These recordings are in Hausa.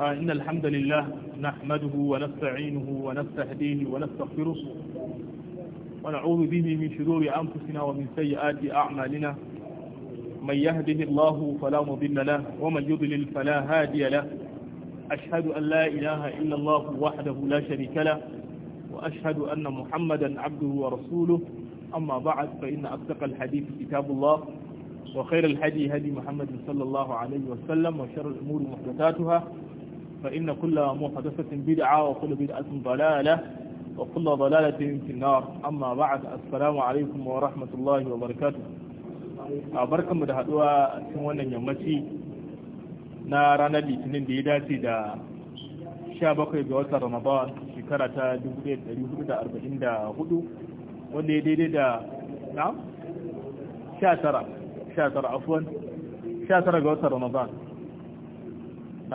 إن الحمد لله نحمده ونستعينه ونستهديه ونستغفره ونعوذ به من شرور أنفسنا ومن سيئات أعمالنا من يهده الله فلا مضل له ومن يضلل فلا هادي له أشهد أن لا إله إلا الله وحده لا شريك له وأشهد أن محمدا عبده ورسوله أما بعد فإن أصدق الحديث كتاب الله وخير الحدي هدي محمد صلى الله عليه وسلم وشر الأمور محدثاتها فإن كل محدثة بدعة وكل بدعة ضلالة وكل ضلالة في النار أما بعد السلام عليكم ورحمة الله وبركاته أبركم من هدوى سوانا يمتي نارا نبي تنين بيداتي دا شابك بوتا رمضان شكرة دبودة دبودة أربعين دا هدو ولي دي دا نعم شاترة شاترة عفوا شاترة بوتا رمضان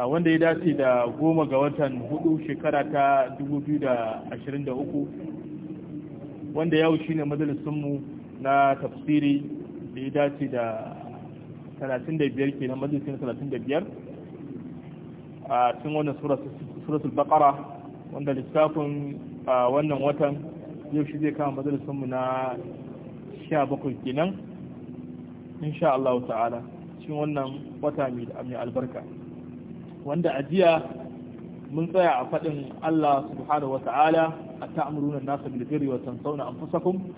wanda ya dace da goma ga watan hudu shekara ta 2023 wanda yau shine majalisunmu na tafsiri da ya dace da 35 ke na majalisun 35 a cikin wannan suratul bakara wanda lissafin wannan watan yau shi zai kama majalisunmu na 17 kenan insha Allah ta'ala cikin wannan wata mai albarka wanda a jiya mun tsaya a faɗin Allah subhanahu wa ta'ala a ta'amuruna nasa bil birri wa tansawna anfusakum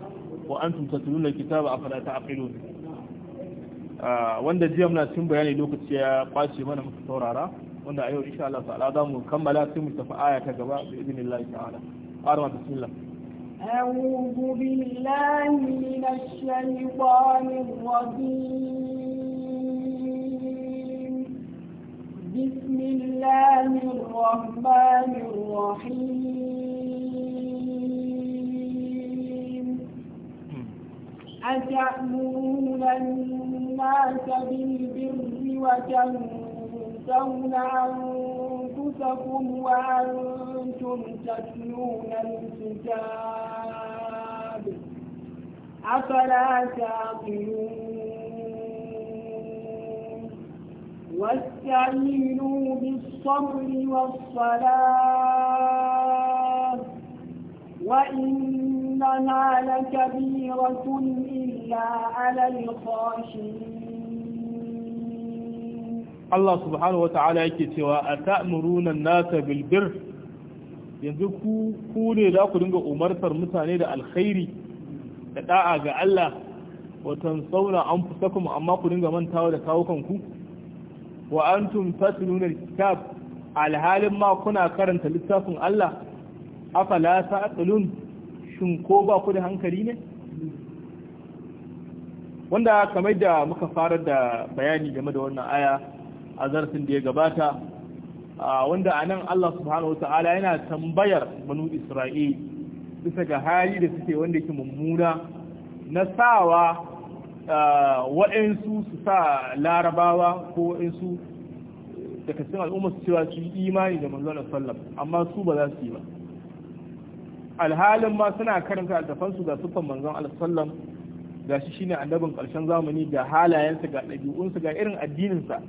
wa antum tatluna kitaba afala ta'qilun ah, wanda jiya muna cikin bayani lokaci ya kwace mana muka saurara wanda a yau insha Allah ta'ala za mu kammala sai mu tafi aya ta gaba bi idnillah ta'ala arma bismillah أعوذ بالله من الشيطان الرجيم بسم الله الرحمن الرحيم أتأمون الناس بالبر وتنسون أنفسكم وأنتم تتلون الكتاب أفلا تعقلون واستعينوا بالصبر والصلاة وإنها لكبيرة إلا على الخاشعين الله سبحانه وتعالى yake cewa ata'muruna an-nasa bil birr yanzu ku ku ne za ku dinga umartar mutane da alkhairi da da'a ga Allah wa tansawna anfusakum amma ku dinga mantawa da kawukanku wa antum tatluna kitab alhalin ma kuna karanta littafin Allah afala ta'qilun shin ko ba ku da hankali ne wanda kamar da muka fara da bayani game da wannan aya a zarfin da ya gabata wanda a nan Allah subhanahu ta'ala yana tambayar manu Isra'il bisa ga hali da suke wanda ke mummuna na sawa waɗansu su sa larabawa ko waɗansu daga cikin al'umma su cewa su yi imani da manzon sallam amma su ba za su yi ba alhalin ma suna karanta altafansu ga siffan manzon shi shi ne shine annabin karshen zamani ga halayensa ga ɗabi'unsa ga irin addininsa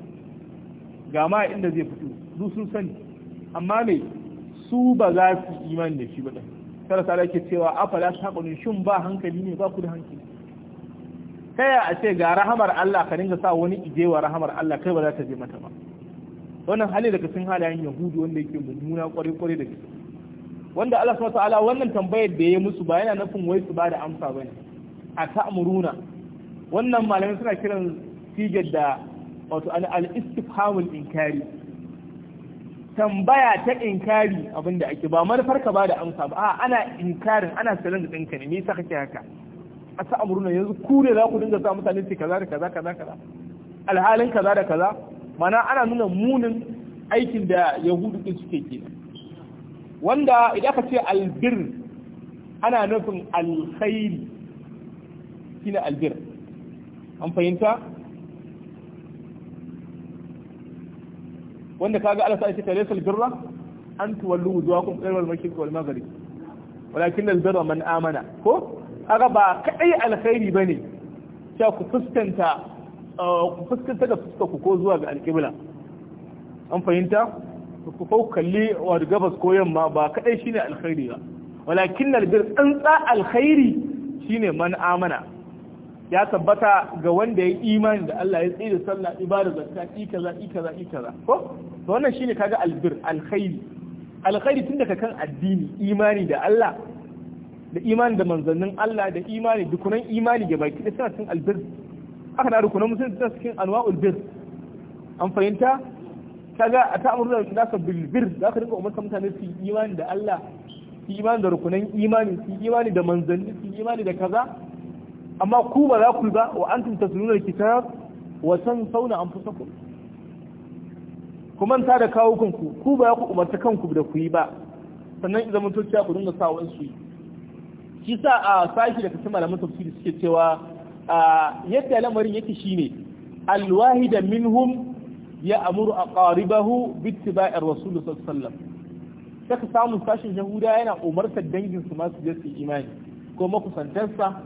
ga ma inda zai fito su sun sani amma me su ba za su imani da shi ba din sarasa da ke cewa afala ƙunin shin ba hankali ne ba ku da hankali ta ya a ce ga rahamar Allah ka dinga sa wani ijewa rahamar Allah kai ba za ta je mata ba wannan hali daga sun halayen yahudu wanda yake mummuna kwarai kwarai da gaske wanda Allah subhanahu ta'ala wannan tambayar da ya musu ba yana nufin wai su ba da amsa bane a ta'muruna wannan malamin suna kiran sigar da wato al-istifhamul inkari tambaya ta inkari abinda ake ba manufar ka ba da amsa ba a ana inkarin ana salon da ɗinka ne me yasa kake haka a ta amurna yanzu ku ne za ku dinga sa mutane su kaza da kaza kaza kaza alhalin kaza da kaza mana ana nuna munin aikin da yahudu din suke ke wanda idan aka ce albir ana nufin alkhairi shine albir an fahimta wanda kaga Allah sai ta laysa albirra an tuwallu wujuhakum qibla al-mashriq wal maghrib walakin albirra man amana ko aga ba kadai alkhairi bane cewa ku fuskanta uh, ku fuskanta da fuska ku ko zuwa ga alƙibla an fahimta ku ko kalli wa gabas ko yamma ba kadai shine alkhairi ba walakin albir tsantsa alkhairi shine man amana ya tabbata ga wanda ya imani da Allah ya tsaye da sallah ibada zakka za ikaza za ko to wannan shine kaga albir alkhairi alkhairi tun daga kan addini imani da Allah da imani da manzannin Allah da imani dukunan imani ga baki da suna cikin albir haka na rukunan musulunci suna cikin anwa'ul bir an fahimta kaga a amurza da nasa bilbir za ka rinka umarta mutane su yi imani da Allah su yi imani da rukunan imani su yi imani da manzanni su yi imani da kaza amma ku ba za ku ba wa antum tasluna alkitab wa fi anfusakum kuma ta da kawo kanku ku ba ku umarta kanku da ku yi ba sannan idan mutum ku dinga sa wa'ansu yi shi sa a sashi da kasu malaman tafsiri suke cewa yadda lamarin yake shine da minhum ya amuru a ƙaribahu bitti rasul sallallahu alaihi wasallam saka samu sashin yahuda yana umartar dangin su masu je su imani ko makusantarsa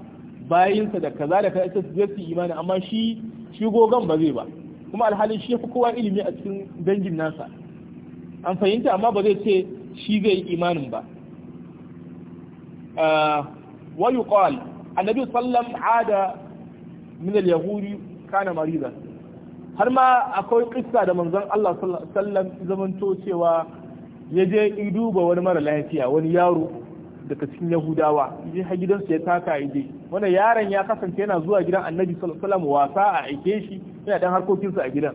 bayinsa da kaza da kaza su je su imani amma shi shi gogon ba zai ba kuma alhalin shi fi kowa ilimi a cikin dangin nasa an fahimta amma ba zai ce shi zai imanin ba ويقال النبي صلى الله عليه وسلم عاد من اليهود كان مريضا har ma akwai kissa da manzon Allah sallallahu alaihi zamanto cewa ya je in duba wani mara lafiya wani yaro daga cikin Yahudawa je har gidansu ya taka ide wannan yaron ya kasance yana zuwa gidan Annabi sallallahu wasa a aike shi yana dan harkokinsa a gidan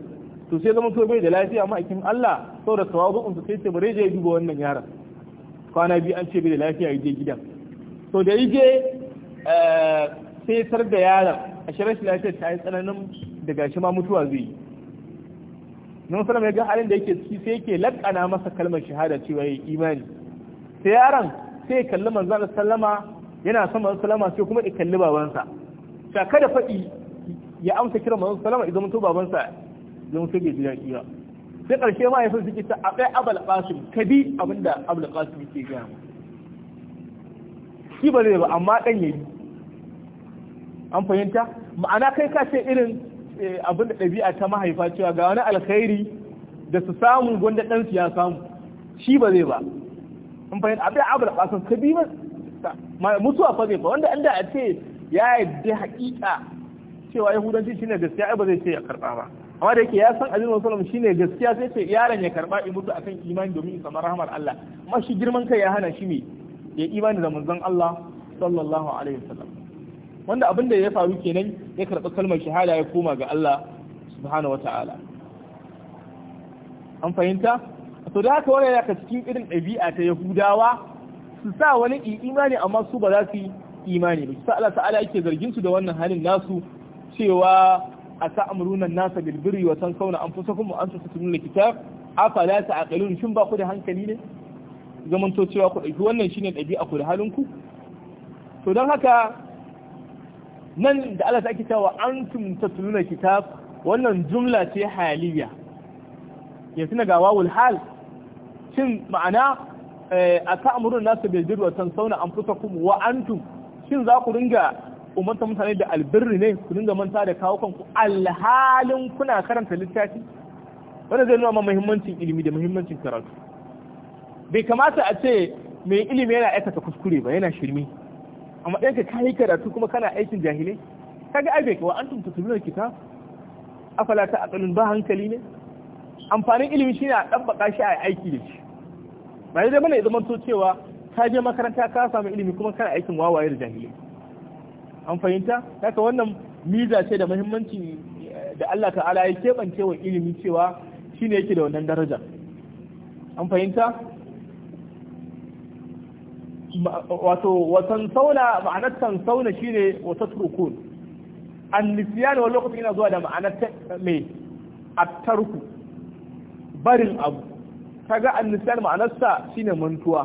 to sai zama bai da lafiya ma'aikin Allah saboda tawazu'un sa sai ce bare je duba wannan yaron kwana biyu an ce bai da lafiya ya je gidan to da yake eh, sai tar da yaron a shirin shi lafiyar ta yi tsananin daga shi ma mutuwa zai yi nan sanar mai ga halin da yake ciki sai yake lakana masa kalmar shahada cewa ya yi imani sai yaron sai kalli kalli manzan sallama yana son manzan sallama sai kuma ya kalli babansa ta kada faɗi ya amsa kiran manzan sallama idan mutu babansa don sai bai jira kira sai ƙarshe ma ya sun suke ta a ɗaya abal ƙasim ka bi abinda abal ƙasim ke gaya shi ba zai ba amma ɗan ya yi an fahimta ma'ana kai ka ce irin eh, abin da ɗabi'a ta mahaifa cewa ga wani alkhairi da su samu gwanda ɗansu ya samu shi ba zai ba an fahimta abin abu da ƙasar ka bi mutuwa fa zai ba wanda an da a ce ya yadda haƙiƙa cewa yahudanci shine gaskiya ba zai ce ya karɓa ba amma da yake ya san azimin wasallam shine gaskiya sai ce yaron ya karɓa in mutu akan imani domin in samu rahmar Allah amma shi girman kai ya hana shi ne ya imani da manzon Allah sallallahu alaihi wasallam wanda abin da ya faru kenan ya karɓi kalmar shahada ya koma ga Allah subhanahu wata'ala an fahimta to da haka wannan yana cikin irin ɗabi'a ta Yahudawa su sa wani imani amma su ba za su yi imani ba sai Allah ta'ala yake zargin su da wannan halin nasu cewa ata'muruna amruna nasa bil birri wa tansawna anfusakum wa antum tatluna al-kitab afala ta'qilun shin ba ku da hankali ne zamanto cewa ku ɗauki wannan shine ɗabi'a ku da halinku to don haka nan da Allah ta ake cewa antum tatluna kitab wannan jumla ce haliya ya na ga wawul hal shin ma'ana eh, a ta'amurun nasu bil birri wa tansawna anfusakum wa antum shin za ku ringa umarta mutane da albirri ne ku ringa manta da kawo kanku alhalin kuna karanta littafi wanda zai nuna ma muhimmancin ilimi da muhimmancin karatu bai kamata a ce mai ilimi yana aikata kuskure ba yana shirme amma ɗan ka kayi karatu kuma kana aikin jahilai Ka ga aibe kawai an tuntu tunar kita afala ta aqalun ba hankali ne amfanin ilimi shine a dabbaka shi a aiki da shi ba dai mana ya zama to cewa ka je makaranta ka samu ilimi kuma kana aikin wawaye da jahilai an fahimta haka wannan miza ce da muhimmanci eh, da Allah ta'ala ya keɓance wa ilimi cewa shine yake da wannan daraja an fahimta wato watan sauna ma'anar tan sauna shine wata turkun an nisiyani wani lokacin yana zuwa da ma'anar mai attarku barin abu kaga an nisiyani ma'anarsa shine mantuwa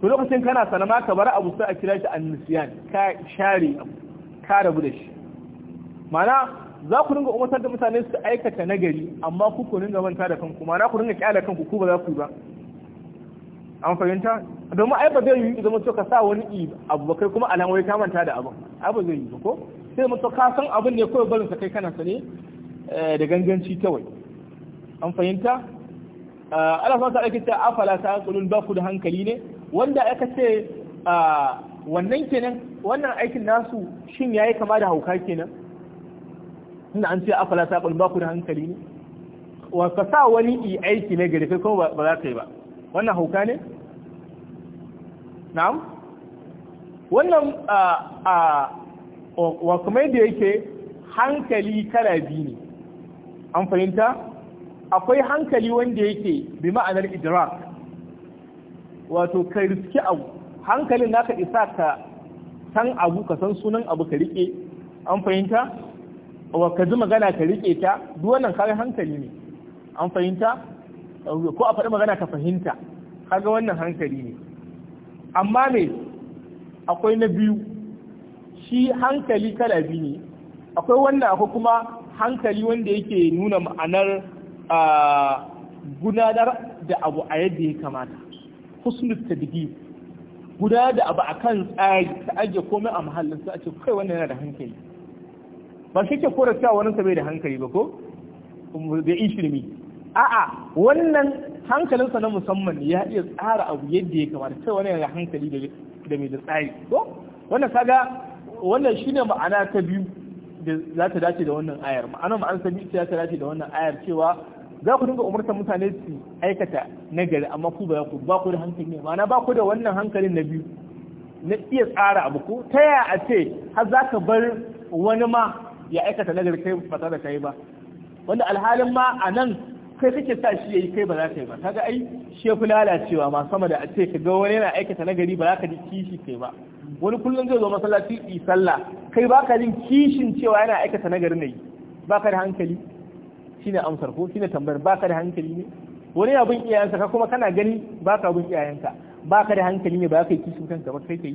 to lokacin kana sanama ka bar abu sai a kira shi an nisiyani ka share abu ka rabu da shi ma'ana za ku dinga umartar da mutane su aikata nagari amma ku ku dinga manta da kanku ma'ana ku dinga kyala kanku ku ba za ku ba an fahimta domin ai ba zai yi zama to ka sa wani i abu ba kai kuma wai ka manta da abin ai ba zai yi ko sai mutum ka san abin ne kawai barin sa kai kana sane eh, da ganganci kawai an fahimta eh, Allah sa ta ta afala ta kulun ba ku da hankali ne wanda aka ce eh, wannan kenan wannan aikin nasu shin yayi kama da hauka kenan inda an ce afala ta kulun ba ku da hankali ne wa ka sa wani i aiki ne gari kai kuma ba za ka yi ba wannan hauka ne na'am wannan a wa kuma yadda yake hankali kala biyu ne an fahimta akwai hankali wanda yake bi ma'anar idrak wato ka riski abu hankalin naka isa ka san abu ka san sunan abu ka rike an fahimta wa ka ji magana ka rike ta duk wannan kawai hankali ne an fahimta ko a faɗi magana ka fahimta kaga wannan hankali ne amma me akwai na biyu shi hankali kala biyu ne akwai wannan akwai kuma hankali wanda yake nuna ma'anar gudanar da abu a yadda ya kamata ta digi gudanar da abu kan tsari ta ajiye komai a mahallin su a ce kai wannan yana da hankali ba shi ke kora cewa wani bai da hankali ba ko da ishirmi a'a wannan hankalinsa na musamman ya iya tsara abu yadda ya kamata sai wani yana hankali da mai da tsari ko wannan kaga wannan shine ma'ana ta biyu da za ta dace da wannan ayar ma'anar ma'anar ta biyu za ta dace da wannan ayar cewa za ku dinga umartar mutane su aikata nagari amma ku ba ku ba ku da hankali ne ma'ana ba ku da wannan hankalin na biyu na iya tsara abu ko ta ya a ce har za ka bar wani ma ya aikata nagari kai ba tare da kai ba wanda alhalin ma a nan kai kake sa shi yayi kai ba za ka yi ba kaga ai shi lalacewa ma sama da a ce ka ga wani yana aikata nagari ba za ka ji kishi kai ba wani kullum zai zo masallaci yi sallah kai ba ka jin kishin cewa yana aikata nagari ne ba ka da hankali shine amsar ko shine tambayar ba ka da hankali ne wani ya bin iyayensa ka kuma kana gani ba ka bin iyayenka ba ka da hankali ne ba ka yi kishin kanka ba kai kai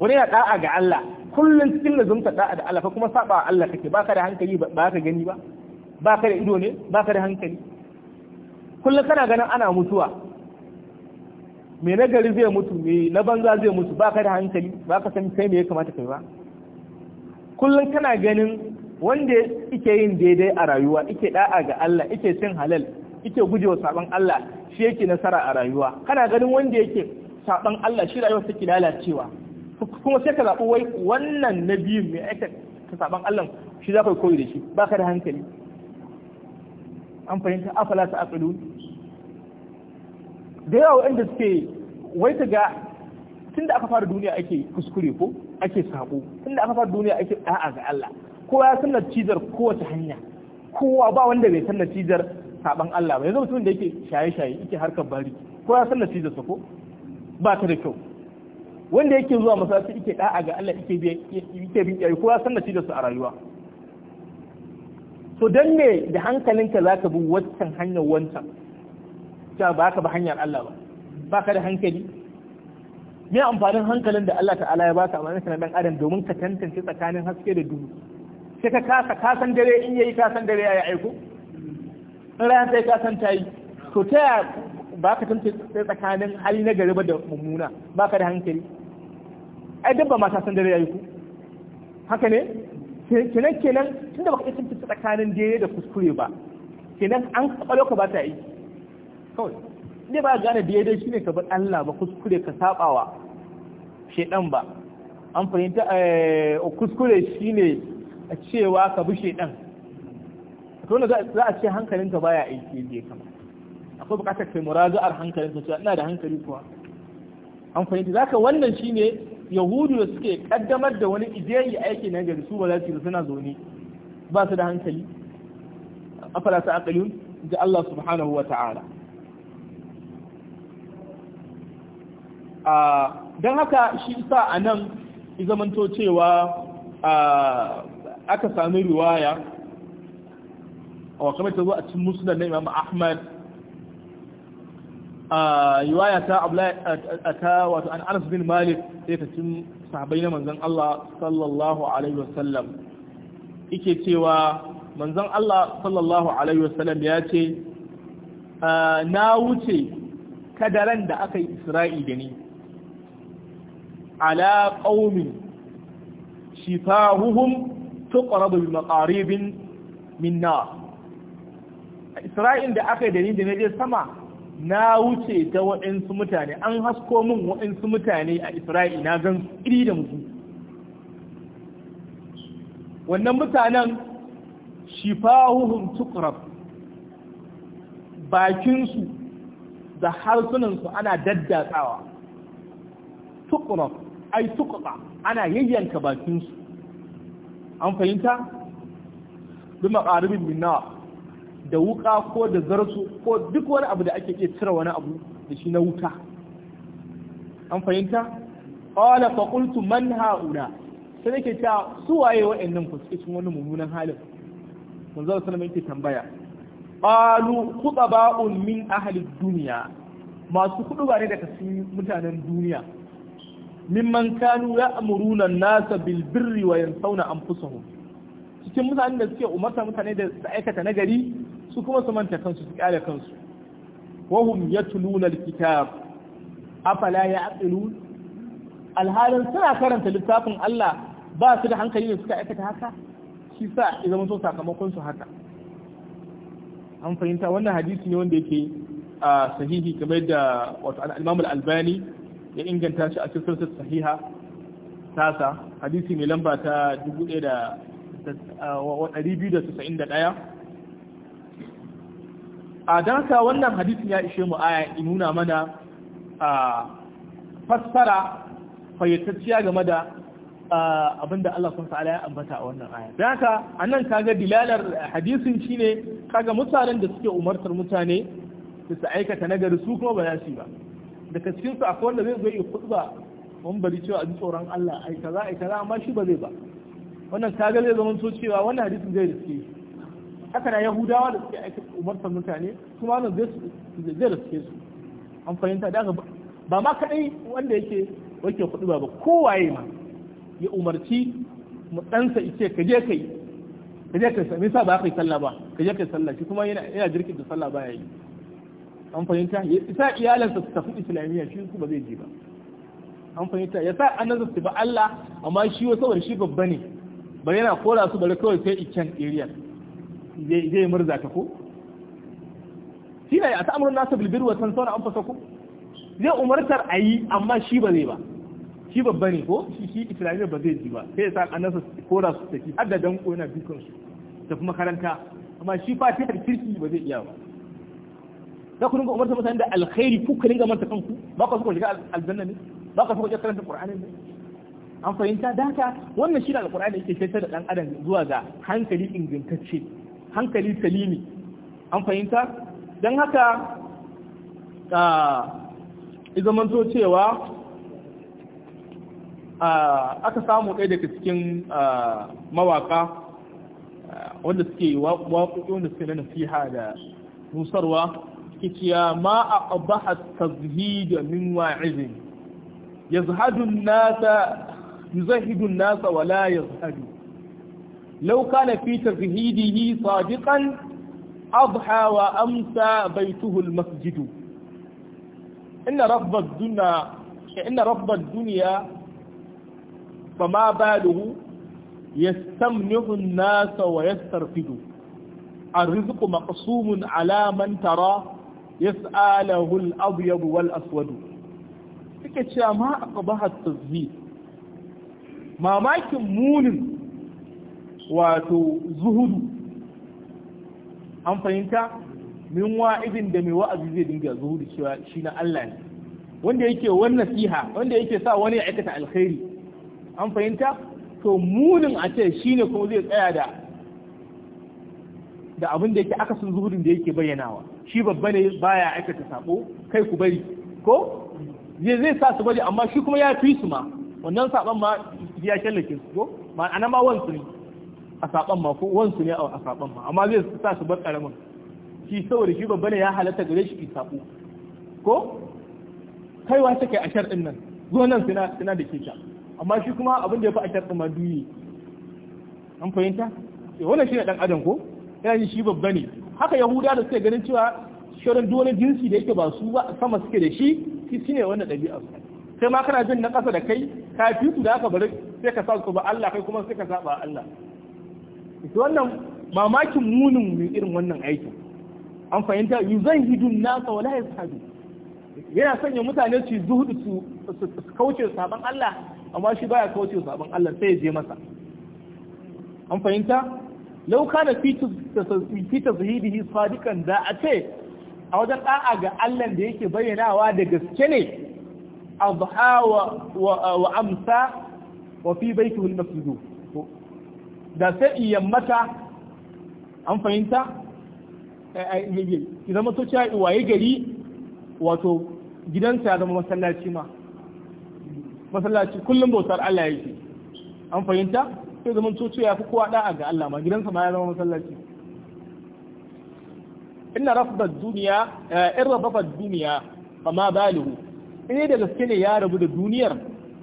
wani ya da'a ga Allah kullum cikin lazumta da'a da Allah ka kuma saba Allah kake ba ka da hankali ba ka gani ba ba ka da ido ne ba ka da hankali kullum kana ganin ana mutuwa me nagari zai mutu me na banza zai mutu ba ka da hankali ba ka san kai me ya kamata kai ba kullum kana ganin wanda ike yin daidai a rayuwa ike da'a ga Allah ike cin halal ike gujewa saban Allah shi yake nasara a rayuwa kana ganin wanda yake saban Allah shi rayuwa take lalacewa kuma sai ka zaɓi wai wannan na biyu mai aika saban Allah shi za ka koyi da shi ba ka da hankali an fahimta afala ta aqlu da yawa wanda suke wai ta ga tunda aka fara duniya ake kuskure ko ake sako tunda aka fara duniya ake da'a ga Allah kowa ya sanna cizar kowace hanya kowa ba wanda bai sanna cizar saban Allah ba yanzu mutumin da yake shaye-shaye yake harkar bari kowa ya sanna cizar sa ko ba ta da kyau wanda yake zuwa masallaci yake da'a ga Allah yake bi yake bin kowa ya sanna cizar sa a rayuwa to don me da hankalinka za ka bi wancan hanyar wancan ta ba ka ba hanyar Allah ba ba ka da hankali me amfanin hankalin da Allah ta'ala ya baka amma sanan dan adam domin ka tantance tsakanin haske da duhu sai ka kasa kasan dare in yayi kasan dare ya aiko in ran sai kasan tayi to ta ya ba ka tantance tsakanin hali na gari ba da mummuna ba ka da hankali ai dabba ma ta san dare ya aiko haka ne kenan kenan tunda baka iya tuntuta tsakanin daidai da kuskure ba kenan an kwakwalwa ka ba ta yi kawai ne ba gane shi shine ka bar Allah ba kuskure ka sabawa shedan ba an fahimta eh, kuskure shine a cewa ka bi shedan to ne za a ce ka baya aiki yadda kama akwai bukatar kai murazu'ar hankalin ka ina da hankali kuwa an fahimta zaka wannan shine yahudu da suke kaddamar da wani ideyi aiki na gari su ba za su yi suna zaune ba su da hankali afala su akali ga Allah subhanahu wa ta'ala don haka shi sa a nan izamanto cewa aka sami riwaya a ta zuwa a cikin musulun na imam ahmad a riwaya ta ta wato an Anas bin Malik sai ta cin sahabai na Manzan Allah sallallahu alaihi wasallam Ike cewa Manzan Allah sallallahu alaihi wasallam ya ce na wuce kadaran da aka yi Isra'i da ni ala qaumin shifahuhum tuqrabu bi maqaribin Minna. nar Isra'in da aka yi da ni da naje sama na wuce ta waɗansu mutane an hasko min waɗansu mutane a isra'i na gan iri da mutu wannan mutanen shifahuhum tuqrab bakinsu da harsunansu ana daddatsawa tuqrab ai tuqqa ana yayyanka bakinsu an fahimta bi maqaribin min da wuka ko da zarsu ko duk wani abu da ake iya cire wani abu da shi na wuta an fahimta qala faƙultu man ha'una sai nake ta su waye nan ku cikin wani mummunan halin manzo sallallahu alaihi yake tambaya qalu khutaba'un min ahalin duniya. masu kuɗu ba ne daga cikin mutanen duniya mimman kanu ya'muruna an-nasa bil birri wa yansawna anfusahum cikin mutanen da suke umarta mutane da su aikata nagari su kuma su manta kansu su kyale kansu wahum yatluna alkitab afala ya'qilun alhalin suna karanta littafin Allah ba su da hankali ne suka aikata haka shi sa ya zama so sakamakon su haka an fahimta wannan hadisi ne wanda yake a sahihi kamar da wato al-Imam al-Albani ya inganta shi a cikin sahiha tasa hadisi mai lamba ta 1291 a haka wannan hadisin ya ishe mu aya in nuna mana a fassara fayyatacciya game da abinda Allah sun sa'ala ya ambata a wannan aya Don haka annan kaga dilalar hadisin shine kaga mutanen da suke umartar mutane su su aikata nagari su kuma ba za su ba daga cikin su akwai wanda zai zo yi khutba mun bari cewa abin tsoron Allah ai kaza ai kaza amma shi ba zai ba wannan kaga zai zama so cewa wannan hadisin zai riske haka na yahudawa da suke aiki umartar mutane su ma zai zai riske su an fahimta da ba ma kadai wanda yake wake kuɗi ba kowaye ma ya umarci mu ɗansa ice ka je kai ka je kai me sa ba kai sallah ba ka je kai sallah shi kuma yana yana jirkin da sallah ba yi an fahimta ya sa iyalansa su tafi islamiyya shi su ba zai je ba an fahimta ya sa annabi su ba Allah amma shi wasu saboda shi babba ne bari yana kora su bari kawai sai icen area zai murza ta ko shi ne a ta'amurin nasu bilbir wa san sauna an fasa ku zai umartar a yi amma shi ba zai ba shi babba ne ko shi shi islamiyya ba zai ji ba sai ya sa annasa kora su tafi har da danko yana dukan su tafi makaranta amma shi fatihar kirki ba zai iya ba za ku dinga umartar mutane da alkhairi ku ka dinga manta kanku ba ka so ku shiga aljanna ne ba ka so ku karanta qur'ani ne an fahimta da wannan shi da alqur'ani yake shaitar da dan adam zuwa ga hankali ingantacce hankali salimi an fahimta don haka a izamanto cewa aka samu ɗaya daga cikin mawaka wanda suke waƙoƙi wanda suke na nasiha da nusarwa kiciya ma a ƙabaha tazhida min wa'izin yazhadun nasa nasa wala zahadun لو كان في تزهيده صادقا أضحى وأمسى بيته المسجد إن رفض الدنيا إن رفض الدنيا فما باله يستمنع الناس ويسترقد الرزق مقسوم على من ترى يسأله الأبيض والأسود suke ما ma a ما tazhi mamakin wato zuhudu an fahimta min wa'izin da mai wa'azi zai dinga zuhudu cewa shi na Allah ne wanda yake wannan nasiha wanda yake sa wani ya aikata alkhairi an fahimta to munin a ce ne kuma zai tsaya da da abin da yake akasin zuhudin da yake bayyanawa shi babba ne baya aikata sako kai ku bari ko zai zai sa su bari amma shi kuma ya fi su ma wannan saban ma ya shallake su ko ma'ana ma wansu ne a saban ma ko wansu ne a saban ma amma zai sa su bar karamin shi saboda shi babba ne ya halatta gare shi sabo ko kaiwa take a din nan zo nan suna suna da keta amma shi kuma abin da ya fi a shar'in ma duyi an fahimta eh, wannan shi ne dan adam ko yana ji shi babba ne haka yahuda da suke ganin cewa shirin duk wani jinsi da yake ba su ba sama suke da shi shi ne wannan ɗabi'a sai ma kana jin na ƙasa da kai ka fi su da aka bari sai ka sa su ba Allah kai kuma sai ka saba Allah ita wannan mamakin munin mai irin wannan aikin an fahimta yuzan hidun nasa wala ya sadu yana sanya mutane su zuhudu su kauce sabon Allah amma shi baya kauce sabon Allah sai ya je masa an fahimta lau kana fi tazhidihi sadikan da a ce a wajen da'a ga Allah da yake bayyanawa da gaske ne abha wa amsa wa fi baitihi al da sai in yammata an fahimta eh, eh, ki zama to cewa waye gari wato gidansa ya zama masallaci ma masallaci kullum bautar Allah yake an fahimta sai zaman to ya fi kowa da'a ga Allah ma gidansa ma ya zama masallaci inna rafda duniya eh, in rafafa duniya ma balihu in da gaske ne ya rabu da duniyar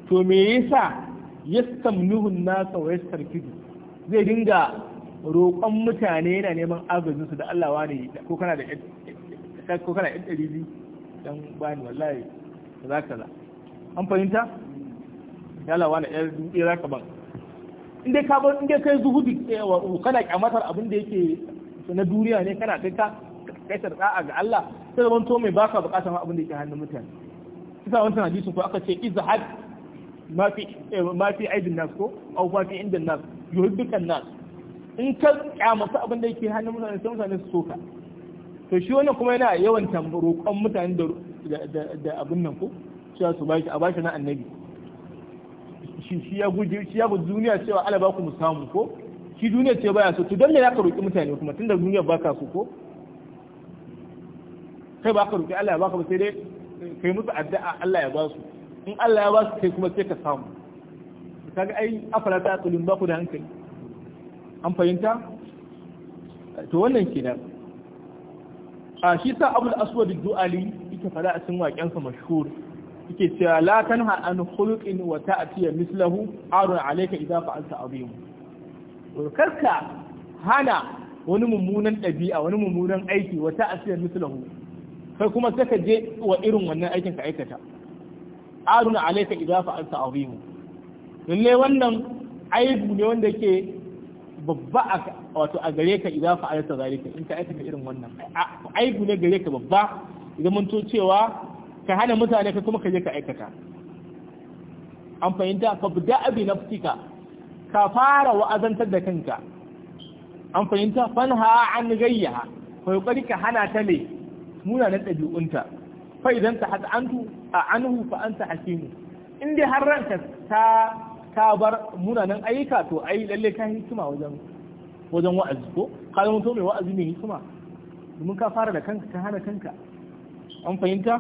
to me yasa yastamnuhu nasa wa yastarkidu zai dinga roƙon mutane yana neman agajin su da Allah wani ko kana da ko kana ɗan ɗari biyu dan bani wallahi za ka za an fahimta ya lawa na ɗan dubu za ka ban In dai ka ban dai kai zuhudi kana kyamatar abin da yake na duniya ne kana kai ka kai sarƙa'a ga Allah sai zaman to mai baka bukatar abin da yake hannun mutane kisa wancan hadisin ko aka ce izahad ma fi eh, ma fi aibin nas ko au ma fi inda nas dukkan nas in ka kyamata abin da yake hannun mutane sai mutane su soka to shi wannan kuma yana yawan kan mutane da abin nan ko cewa su bashi a bashi na annabi shi shi ya guji shi ya guji duniya cewa ala ba ku mu samu ko shi duniya ce baya so to dan me ka roƙi mutane kuma tunda duniya baka so ko kai baka roƙi Allah ya baka ba sai dai kai musu addu'a Allah ya ba su in Allah ya ba su kai kuma sai ka samu kaga ai afala ta tsulun ba ku da hankali an fahimta to wannan kenan a shi sa abul aswad du'ali yake fada a cikin waƙen sa mashhur yake cewa la tanha an khuluqin wa ta'tiya mislahu arun alayka idza fa'alta azim karka hana wani mummunan ɗabi'a wani mummunan aiki wa ta'tiya mislahu kai kuma sai ka je wa irin wannan aikin ka aikata arun alayka idza fa'alta azim lalle wannan aibu ne wanda ke babba wato a gare ka idan fa alta zalika in ka aikata irin wannan aibu ne gare ka babba idan mun to cewa ka hana mutane ka kuma ka je ka aikata an fahimta fa bida abi nafsika ka fara wa'azantar da kanka an fahimta fanha an gayyaha ka kokari ka hana ta ne Muna nan ɗabi'unta fa idan ta hada antu a anhu fa anta hakimu in dai har ranka ta ka bar munanan ayyuka to ai lalle ka hikima wajen wajen wa'azi ko ka zama to mai wa'azi mai hikima domin ka fara da kanka ka hana kanka an fahimta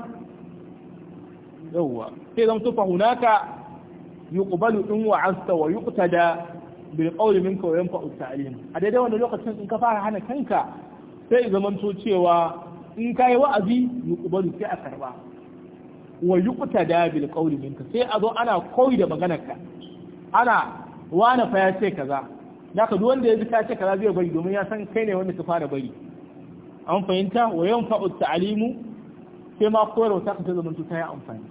yawwa sai zama to fa hunaka yuqbalu in wa'azta wa yuqtada bil qawli minka wa yanfa'u ta'lim a daidai wannan lokacin in ka fara hana kanka sai zama to cewa in ka yi wa'azi yuqbalu sai a karba wa yuqtada bil qawli minka sai a zo ana koyi da maganarka ana wane fa ya ce kaza da ka wanda ya ji ka ce kaza zai bari domin ya san kai ne wanda ka fara bari an fahimta wa yan fa'u ta'alimu sai ma koyarwa ta ka ta ta yi amfani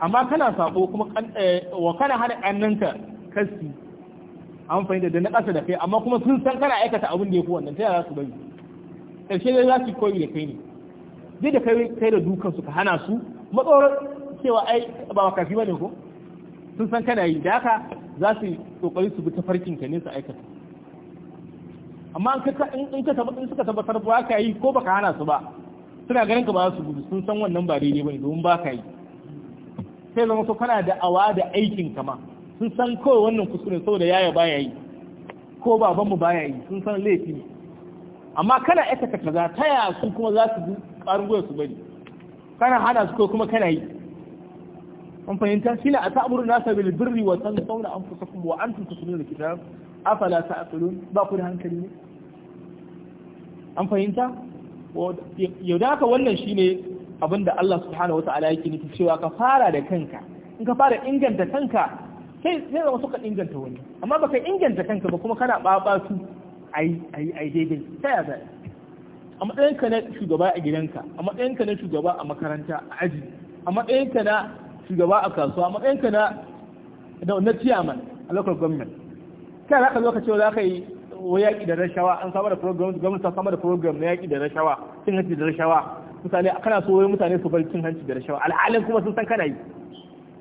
amma kana saƙo kuma eh, wa kana hana ƙannanka kasti an fahimta da na ƙasa da kai amma kuma sun san kana aikata abin da ya fi wannan ta yara su bari ƙarshe ne za su koyi da kai ne zai da kai da dukansu ka hana su matsoron cewa ai ba kafi ba ne ko sun san kana yi da haka za su kokari su bi ta farkin ka ne su aikata amma in ka in suka tabbatar ba ka yi ko baka hana su ba suna ganin ka ba su gudu sun san wannan ba daidai bane domin ba ka yi sai zama so kana da awa da aikin ka ma, sun san kawai wannan kuskure saboda yaya baya yi ko babanmu baya yi sun san laifi ne amma kana aikata kaza ta yaya su kuma za su bi ƙarin su bari kana hana su ko kuma kana yi An fahimta shi shine ataburu nasa bil birri wa tansawna kuma wa antum tusluna kitab afala ta'qilun ba ku da hankali ne an fahimta yau da haka wannan shine abin da Allah subhanahu wata'ala yake nufi cewa ka fara da kanka in ka fara inganta kanka sai sai zama suka inganta wani amma baka inganta kanka ba kuma kana su ai ai ai daidai ta ya zai a matsayinka na shugaba a gidanka a matsayinka na shugaba a makaranta a aji a matsayinka na shugaba a kasuwa matsayinka na na chairman a local government kai za ka zo ka ce za ka yi yaƙi da rashawa an samar da program gwamnati ta samar da program na yaƙi da rashawa cin hanci da rashawa mutane kana so wai mutane su bar cin hanci da rashawa alhalin kuma sun san kana yi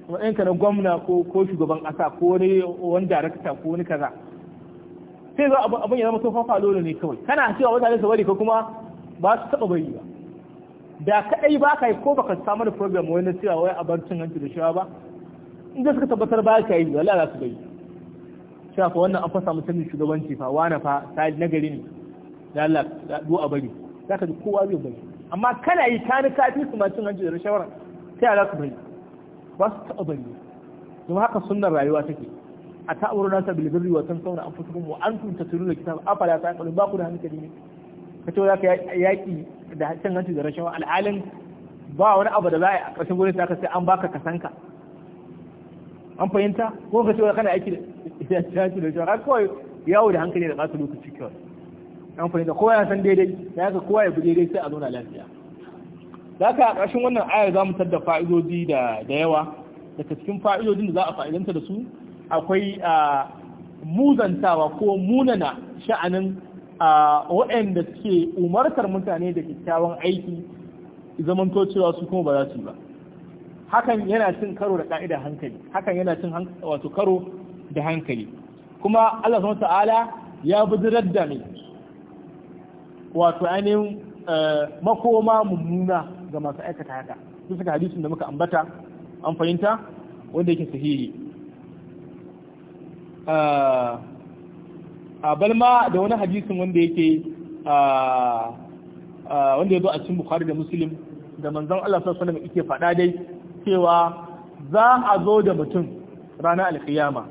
matsayinka na gwamna ko ko shugaban ƙasa ko wani wani darakta ko wani kaza sai zo abin ya zama to fafa lolo ne kawai kana cewa mutane su bari ko kuma ba su taɓa bari ba da kadai ba ka yi ko baka samu da program wani cewa wai a bar cin hanci da shawa ba in da suka tabbatar ba ka yi wala za su bai cewa fa wannan an fasa mutum shugabanci fa wani fa ta nagari ne da Allah da a bari za ka ji kowa zai bari amma kana yi ka ni kafi su ma cin hanci da shawara sai za su bari ba su taɓa bari kuma haka sunnar rayuwa take a ta'amuruna ta bilbirri wa tan sauna an fusukun mu an ta tunu da kitab afala ta ba ku da hankali ne ka za ka yaƙi da cin hanci da rashin al'alin ba wani abu da za a yi a ƙarshen gurin ka sai an baka kasanka an fahimta ko ka ce wa kana aiki da cin hanci da rashawa kawai yawo da hankali da ɓata lokaci kawai an fahimta kowa ya san daidai da haka kowa ya bi daidai sai a zauna lafiya za ka a ƙarshen wannan ayar za mu tadda fa'idodi da yawa daga cikin fa'idodin da za a fa'idanta da su akwai ah, muzantawa ko munana sha'anin a waɗanda suke umartar mutane da kyakkyawan aiki zaman cewa su kuma ba za su yi ba hakan yana cin karo da ƙa'idar hankali hakan yana cin wato karo da hankali kuma Allah subhanahu ta'ala ya bidirar da mai wato ainihin eh, makoma mummuna ga masu aikata haka su suka hadisin da muka ambata an fahimta wanda yake sahihi eh, a ah, balma da wani hadisin wanda yake ah, ah, wanda ya zo a cikin bukhari da muslim da manzon Allah sallallahu alaihi wasallam yake faɗa dai cewa za a zo da mutum ranar alkiyama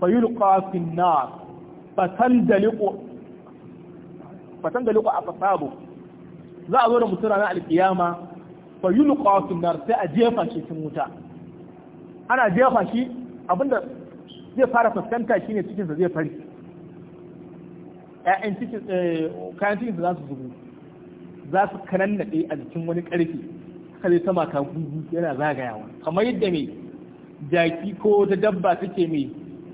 fa yulqa fi nar liko a afasabu za a zo da mutum ranar alkiyama fa yulqa fi nar sai a jefa shi cikin wuta ana jefa shi abinda zai fara fuskanta shine cikin sa zai fari ƴaƴan cikin eh, kayan cikin za su zubu za su ɗaya a jikin wani ƙarfe haka zai sama ka gugu yana zagayawa kamar yadda mai jaki ko ta dabba take mai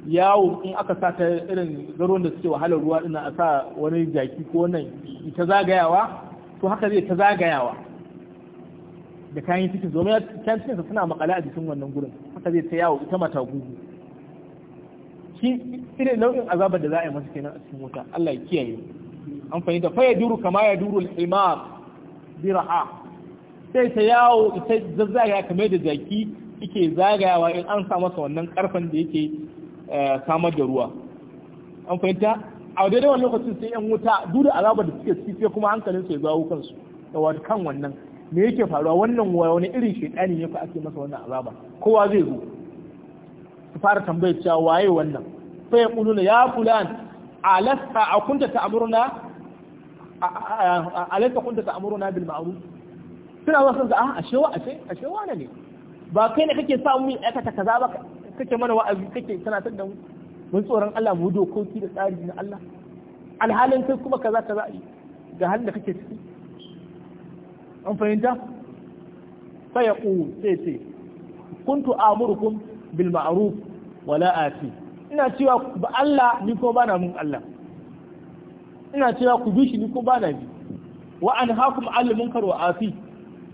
yawo in aka sa ta irin zaron da suke wahalar ruwa ina a sa wani jaki ko wannan ita zagayawa to haka zai ta zagayawa da kayan cikin domin kayan cikinsa suna makale a jikin wannan gurin haka zai ta yawo ita mata gugu Ki irin nau'in azabar da za a yi masa kenan a cikin wuta Allah ya kiyaye an fahimta fa duru kama ya duru himar bira'a sai ta yawo ita zazzaya kamar da zaki yake zagayawa in an sa masa wannan karfan da yake eh, samar da ruwa an fahimta a daidai wani lokacin sai yan wuta duk da azabar da suke ciki sai kuma hankalin su ya zawo kansu da wani kan wannan me yake faruwa wannan wani irin shekani ne fa ake masa wannan azaba kowa zai zo su fara tambayar cewa waye wannan fa yaquluna ya fulan alasta akunta ta'muruna alasta kunta ta'muruna bil suna zuwa sun ah, ashe wa ashe ashe wa ne ba kai ne kake sa mu yi aikata kaza ba kake mana wa'azi kake sanatar da mu mun tsoron Allah mu dokoki da tsari na Allah alhalin kuma kaza kaza yi ga da kake ciki an fahimta wala ina cewa ba Allah ni ko bana mun Allah ina cewa ku bi shi ni ko bana bi wa an hakum al munkar wa afi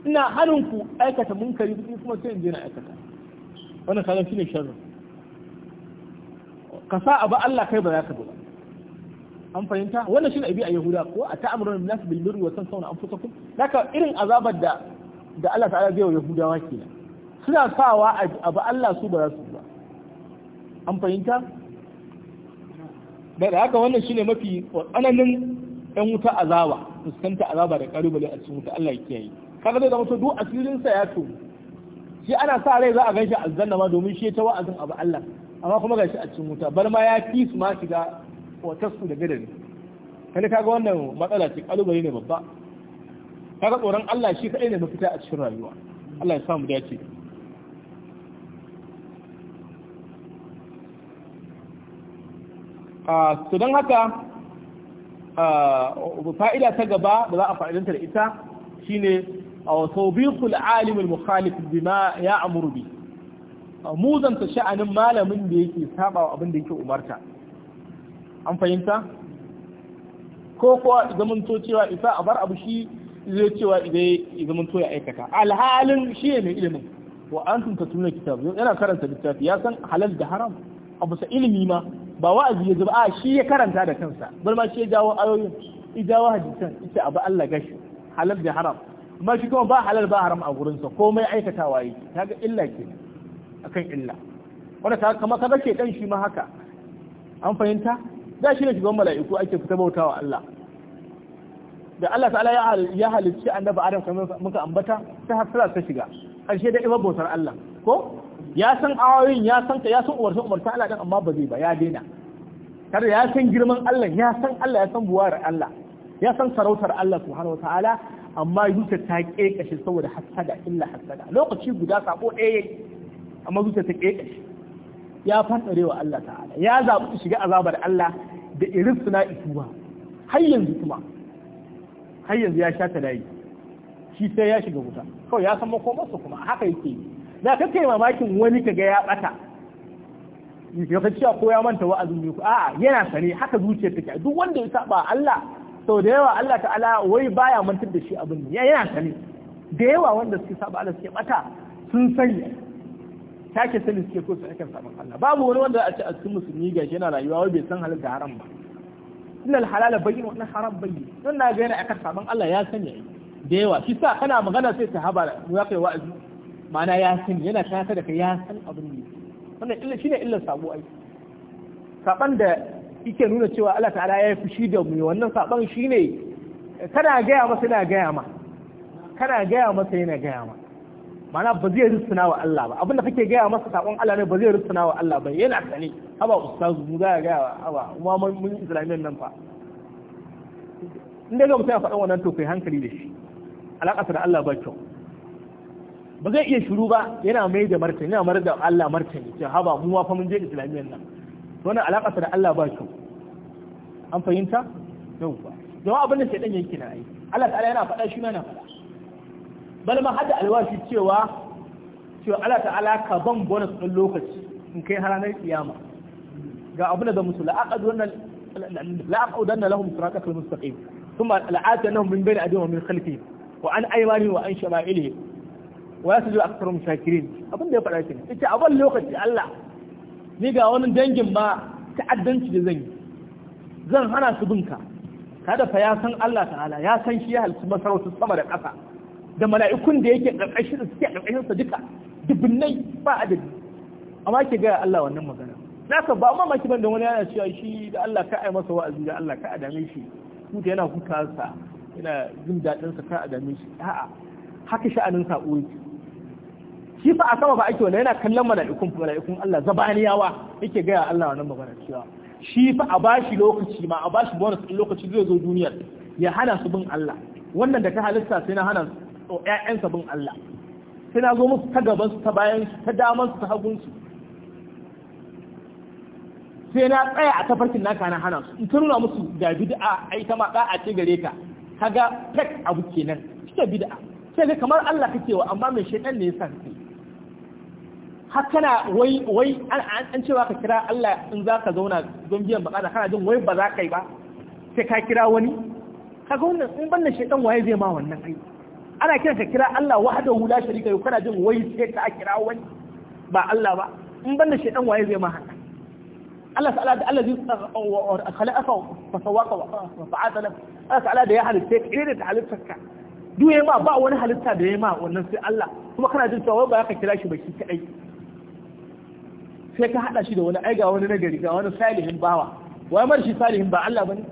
ina hanin ku aikata munkari ku kuma sai in je na aikata wannan kaga shine sharri ka sa abu Allah kai ba za ka ba an fahimta wannan shine abi a yahuda ko a ta'amuruna bin nas bil birri wa tansawna anfusakum haka irin azabar da da Allah ta'ala zai wa yahudawa kenan suna sawa abu Allah su ba za su an fahimta da haka wannan shine mafi tsananin ɗan wuta azaba fuskanta azaba da ƙalubale a cikin wuta Allah ya kiyaye kaga zai zama to duk asirin sa ya to shi ana sa rai za a ganshi aljanna ma domin shi ta wa'azin abu Allah amma kuma gashi a cikin wuta bar ma ya fi su ma shiga wata su da gadari kada kaga wannan matsala ce kalubale ne babba kaga tsoron Allah shi kadai ne mafita a cikin rayuwa Allah ya samu dace su ah, don haka ah, fa'ida ta gaba da za a fa'idanta da ita shine a ah, wasu bikul alimin mukhalif bima ya amurbi muzanta sha'anin malamin da yake saba abin da yake umarta an fahimta ko kuwa to cewa isa a bar abu shi zai cewa zaman to ya aikata alhalin shi ne ilimin wa an tunta kitab yana karanta littafi ya san halal da haram abu sa ilimi ma ba wa'azi ya zuba a shi ya karanta da kansa bar ma shi ya jawo ayoyin ya jawo hadisan ita abu Allah gashi halal da haram amma shi kuma ba halal ba haram a gurinsa komai aikatawa yi kaga illa ke akan illa wanda ta kama kaga ke dan shi ma haka an fahimta da shi ne shugaban mala'iku ake fita bautawa Allah da Allah ta'ala ya halicci annabi Adam kamar muka ambata ta hasara ta shiga karshe da ibar bautar Allah ko ya san awoyin ya san ta ya san umarce umarce Allah dan amma ba zai ba ya daina kada ya san girman Allah ya san Allah ya san buwar Allah ya san sarautar Allah subhanahu wataala amma zuciya ta kekashe saboda hasada illa hasada lokaci guda sako ɗaya amma zuciya ta kekashe ya fantarewa Allah ta'ala ya zaɓi shiga azabar Allah da irin suna isuwa har yanzu kuma har yanzu ya sha ta layi shi sai ya shiga wuta kawai ya san makomarsa kuma haka yake yi da ka kai mamakin wani ka ga ya bata ya ka cewa ko ya manta wa'azin ne ku a'a yana sane haka zuciyar take duk wanda ya saba Allah sau da yawa Allah ta'ala wai baya mantar da shi abin ya yana sane da yawa wanda suke saba Allah suke bata sun sani take sanin suke ko su aikan saban Allah babu wani wanda a ce a cikin musulmi gashi yana rayuwa wai bai san halal da haram ba al halala bayyin wa haram bayyin don na ga yana aikan saban Allah ya sani da yawa shi sa kana magana sai ta mu ya kai wa'azi ma'ana ya san yana tunatar da kai ya san abin ne wannan illa shine illa sabo ai saban da yake nuna cewa Allah ta'ala ya yi fushi da mu wannan saban shine kana gaya masa ga gaya ma kana gaya masa yana gaya ma ma'ana ba zai rusuna wa Allah ba abinda kake gaya masa sabon Allah ne ba zai rusuna wa Allah ba yana sani haba ustazu mu za gaya wa haba kuma mun islamiyyar nan fa in ga mutum ya faɗa wannan to kai hankali da shi alaƙa da Allah ba kyau ba zai iya shiru ba yana mai da martani yana mai da Allah martani ce haba mu ma fa mun je islamiyyar nan wannan alaƙa da Allah ba shi an fahimta yau ba don abin da shaidan yake na yi Allah ta'ala yana faɗa shi yana faɗa bal ma hada alwashi cewa cewa Allah ta'ala ka ban bonus ɗin lokaci in kai har ranar kiyama ga abin da zan musu la'aqad wannan la'aqudanna lahum siratal mustaqim thumma la'atanahum min bayni adihim wa min khalfihim wa an aymanihim wa an shama'ilihim wa su zo aksarum shakirin abin da ya faɗa kenan yace a ban lokaci Allah ni ga wani dangin ma ta'addanci da zan yi zan hana su binka kada fa ya san Allah ta'ala ya san shi ya halittu masarautar sama da ƙasa da mala'ikun da yake ƙarƙashin da suke ƙarƙashin sa duka dubunnai ba adadi amma ke gaya Allah wannan magana zaka ba mamaki ban da wani yana cewa shi da Allah ka ai masa wa'azi da Allah ka adame shi huta yana hutarsa yana jin daɗin sa ka adame shi a'a haka sha'anin sa'o'i shi fa a sama ba ake wani yana kallon mala'ikun mala'ikun Allah zabaniyawa yake gaya Allah wannan magana cewa shi fa a bashi lokaci ma a bashi bonus din lokaci zai zo duniyar ya hana su bin Allah wannan da ka halitta sai na hana su ƴaƴansa bin Allah sai na zo musu ta gaban su ta bayan su ta daman su ta hagun su sai na tsaya a tafarkin naka na hana su in ta nuna musu ga bid'a ai ta ma a ce gare ka kaga tek abu kenan shi bid'a sai kamar Allah kake wa amma mai shaitan ne ya sa Hakana wai wai an cewa ka kira Allah in za ka zauna don biyan bukata kana jin wai ba za ka yi ba sai ka kira wani ka kaga wannan in banna shaitan waye zai ma wannan ai ana kira ka kira Allah wahdahu la sharika lahu kana jin wai sai ka kira wani ba Allah ba in banna shaitan waye zai ma haka Allah ta'ala da Allah zai khalaqa fa sawaqa fa fa'ala Allah ta'ala da ya halitta kire da halittarka duk ma ba wani halitta da ya ma wannan sai Allah kuma kana jin cewa ba ka kira shi ba shi kadai sai ka hada shi da wani aiga wani nagari ga wani salihin bawa wai mar shi salihin ba Allah bane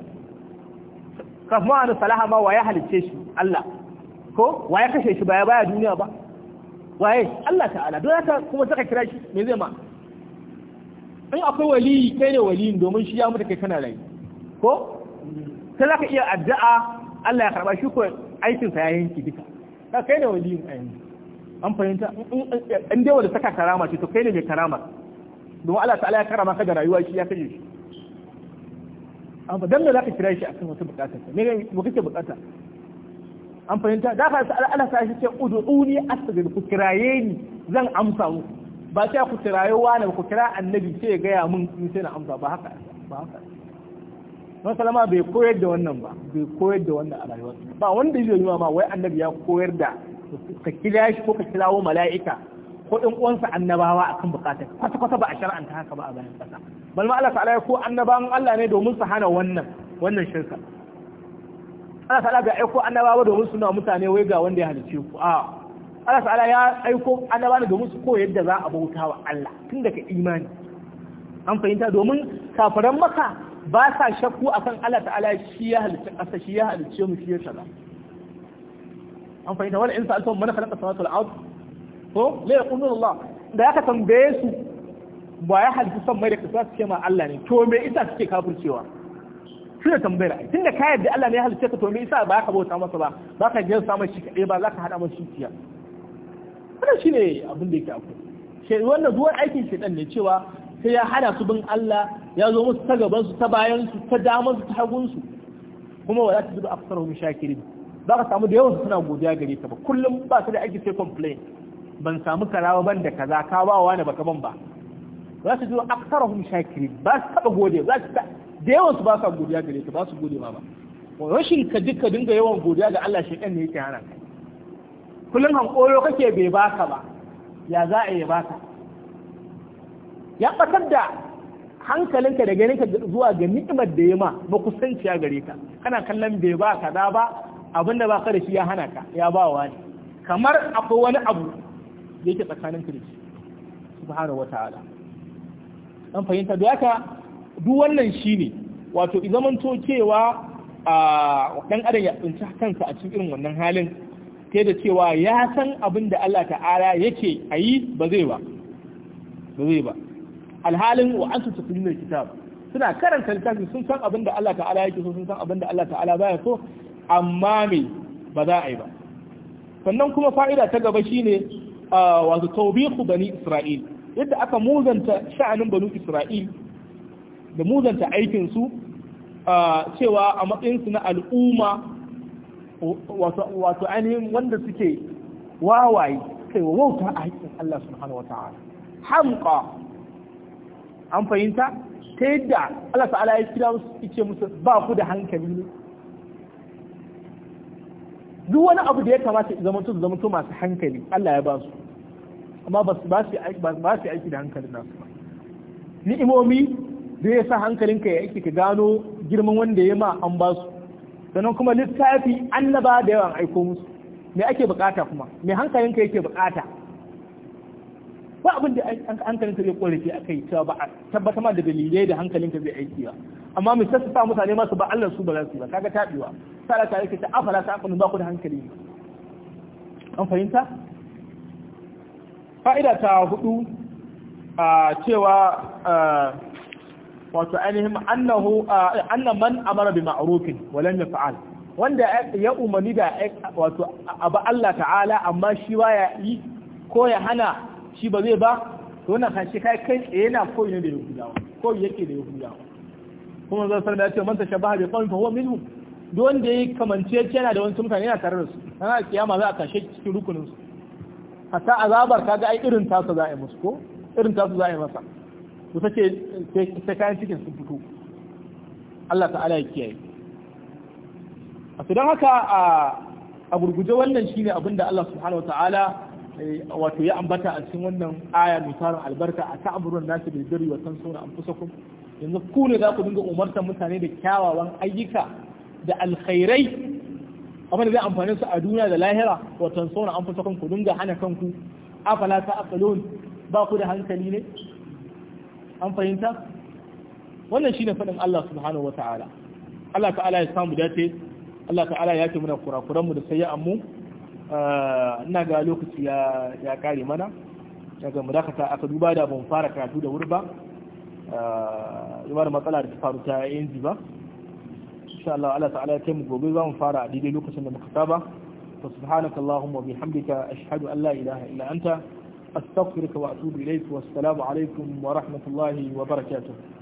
kafin wani salaha ma waye halicce shi Allah ko waye kashe shi baya baya duniya ba waye Allah ta'ala don haka kuma saka kira shi me zai ma in akwai wali kai ne waliyin domin shi ya mutu kai kana rai ko sai za ka iya addu'a Allah ya karba shi ko aikinsa ya yanki duka ka kai ne waliyin a yanzu an fahimta in dai wanda saka karama ce to kai ne mai karama domin Allah ta'ala ya karama ka da rayuwa shi ya kaje shi amma dan da zaka kira shi akan wata bukata me ga mu kake bukata an fahimta da ka Allah ta shi ce ud'uni astajib ku kiraye ni zan amsa muku ba sai ku kiraye wani ku kira annabi sai ga ya mun ni sai na amsa ba haka ba haka Don salama bai koyar da wannan ba bai koyar da wannan a rayuwarsa ba wanda zai yi ma wai annabi ya koyar da ka kira shi ko ka kirawo mala'ika ko ɗan uwansa annabawa akan bukata kwata-kwata ba a ta haka ba a bayan ƙasa balma Allah ta'ala ya ko annabawan Allah ne domin su hana wannan wannan shirka Allah ta'ala bai aiko annabawa domin su nuna mutane wai ga wanda ya halice ku a Allah ta'ala ya aiko annabawa domin su koyar da za a bauta wa Allah tun daga imani an fahimta domin kafiran maka ba sa shakku akan Allah ta'ala shi ya halice ƙasa shi ya halice mu shi ya shaga an fahimta wani in sa'altum man khalaqa samawati wal ardh ko la yaqulun Allah da aka tambaye su ba ya halitta son mai da kasa suke ma Allah ne to me isa suke kafircewa shi da tambayar ai tunda ka yadda Allah ne ya halitta ka to me isa ba ka bauta masa ba ba ka jin sa mai shi kaɗai ba za ka hada masa shikiya wannan shine abin da yake akwai shi wannan zuwan aikin dan ne cewa sai ya hada su bin Allah ya zo musu ta gaban su ta bayan su ta daman su ta hagun su kuma za ta zuba aksaru mushakirin ba ka samu da yawan suna godiya gare ta ba kullum ba su da aiki sai complain ban samu karawa ban da kaza ka ba wa wani baka ban ba za su zo aksarahum shakirin ba su taba gode za su da yawan su ba su godiya gare ka ba su gode ba ba rashin ka duka dinga yawan godiya ga Allah shekan ne yake hana kullum hankoro kake bai baka ba ya za a yi baka ya batar da hankalinka da ganinka zuwa ga ni'imar da ya ma makusanciya gare ka kana kallon bai ba da ba abinda ba ka da shi ya hana ka ya ba wa ne kamar akwai wani abu da yake tsakanin ka da shi subhanahu wataala an fahimta da haka duk wannan shine wato izaman to cewa a dan adam ya tsinci kansa a cikin irin wannan halin sai da cewa ya san abin da Allah ta'ala yake ayi ba zai ba ba zai ba alhalin wa an su tukunin kitab suna karanta littafi sun san abin da Allah ta'ala yake so sun san abin da Allah ta'ala baya so amma me ba za a yi ba sannan kuma fa'ida ta gaba shine wato tawbihu bani isra'il yadda aka muzanta sha'anin bani isra'il da muzanta aikin su cewa a matsayin su na al'umma wato ainihin wanda suke wawaye kai wa wauta a haƙƙin Allah subhanahu wa ta'ala hamqa an fahimta ta yadda Allah ta'ala ya kira musu ce musu ba ku da hankali duk wani abu da ya kamata ya zama su zama to masu hankali Allah ya ba su amma ba su ba aiki da hankalin nasu ni'imomi da ya sa hankalinka ya aiki ka gano girman wanda ya ma an ba su sannan kuma littafi annaba da yawan aiko musu me ake bukata kuma me hankalinka yake bukata ba abin da hankalinka zai korafi akai cewa ba a tabbatar da dalilai da hankalinka zai aiki ba amma mai sassa mutane masu ba Allah su ba za su ba kaga tabiwa sala ta yake ta afala ta akunu ba ku da hankali an fahimta fa'ida ta hudu a cewa wato ainihin annahu anna man amara bi ma'rufin wa lam yaf'al wanda ya umarni da wato abu Allah ta'ala amma shi waya yi ko ya hana shi ba zai ba to wannan kan shi kai kai yana koyi ne da yahudawa koyi yake da yahudawa kuma zan sarda ya ce man tashabaha bi qawmin fa huwa minhum duk wanda yi kamanciyacce yana da wani mutane yana tare da su Kana kiyama za a kashe cikin rukunin su hatta azabar kaga ai irin tasa za a yi musu ko irin tasa za a yi masa su sace sai kayan cikin sun fito Allah ta'ala ya kiyaye a su don haka a gurguje wannan shine abin da Allah subhanahu ta'ala eh, wato ya ambata a cikin wannan aya mai tarin albarka a ta'amurun nasu bil birri wa tansawna anfusakum yanzu ku ne za ku dinga umartar mutane da kyawawan ayyuka da alkhairai amma da zai amfani su a duniya da lahira wato sauna an fasa kanku dinga hana kanku afala ta aqlun ba ku da hankali ne an fahimta wannan shine fadin Allah subhanahu wataala Allah ta'ala ya samu dace Allah ta'ala ya ce muna kurakuran mu da ya amu. Ah, ina ga lokaci ya kare mana daga mu dakata aka duba da ban fara karatu da wurba Eh, da matsala da ta faru ta yanzu ba insha Allah Allah ta'ala ya taimu gobe za mu fara a daidai lokacin da muka saba fa subhanaka allahumma bihamdika ashhadu an la ilaha illa anta astaghfiruka wa atubu ilayk wa assalamu alaikum wa rahmatullahi wa barakatuh